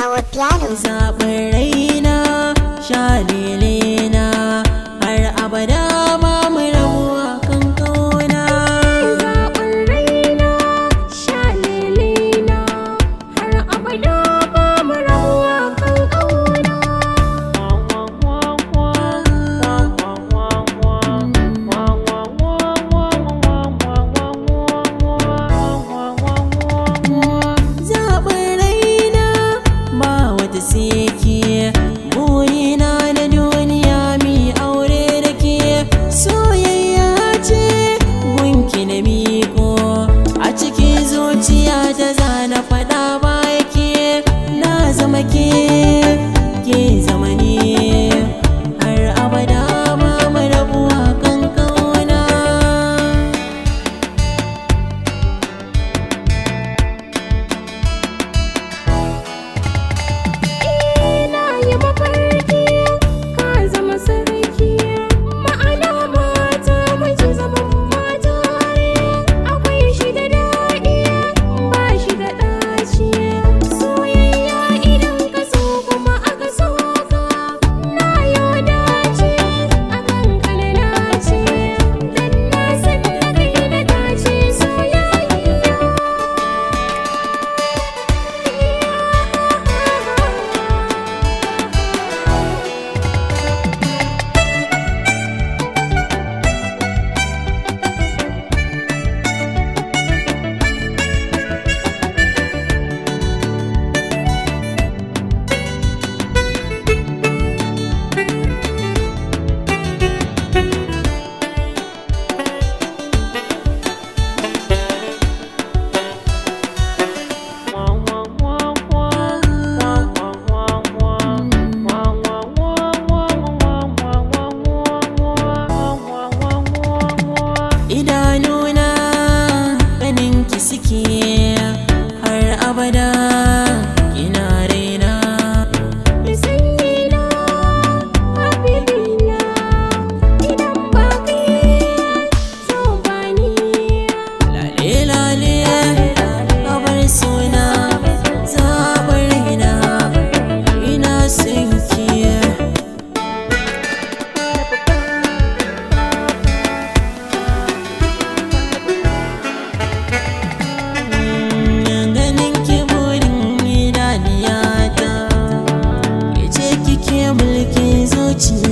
kawo piano zaɓin raina shalilina har abada na faɗa ba yake na zama ke ke zama ti.